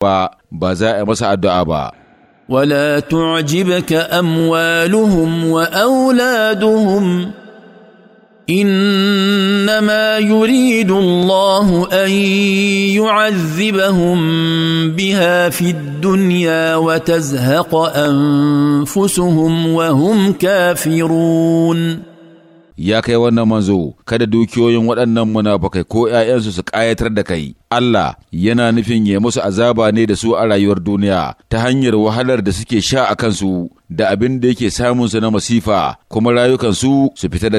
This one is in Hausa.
ba za a masa addu'a ba. Wala إنما يريد الله أن يعذبهم بها في الدنيا وتزهق أنفسهم وهم كافرون ya kai wannan manzo kada dukiyoyin waɗannan munafukai ko ‘ya'yansu su ƙayatar da kai Allah yana nufin ya musu azaba ne da su a rayuwar duniya ta hanyar wahalar da suke sha a kansu da abin da yake samunsu na masifa kuma rayukansu su fita da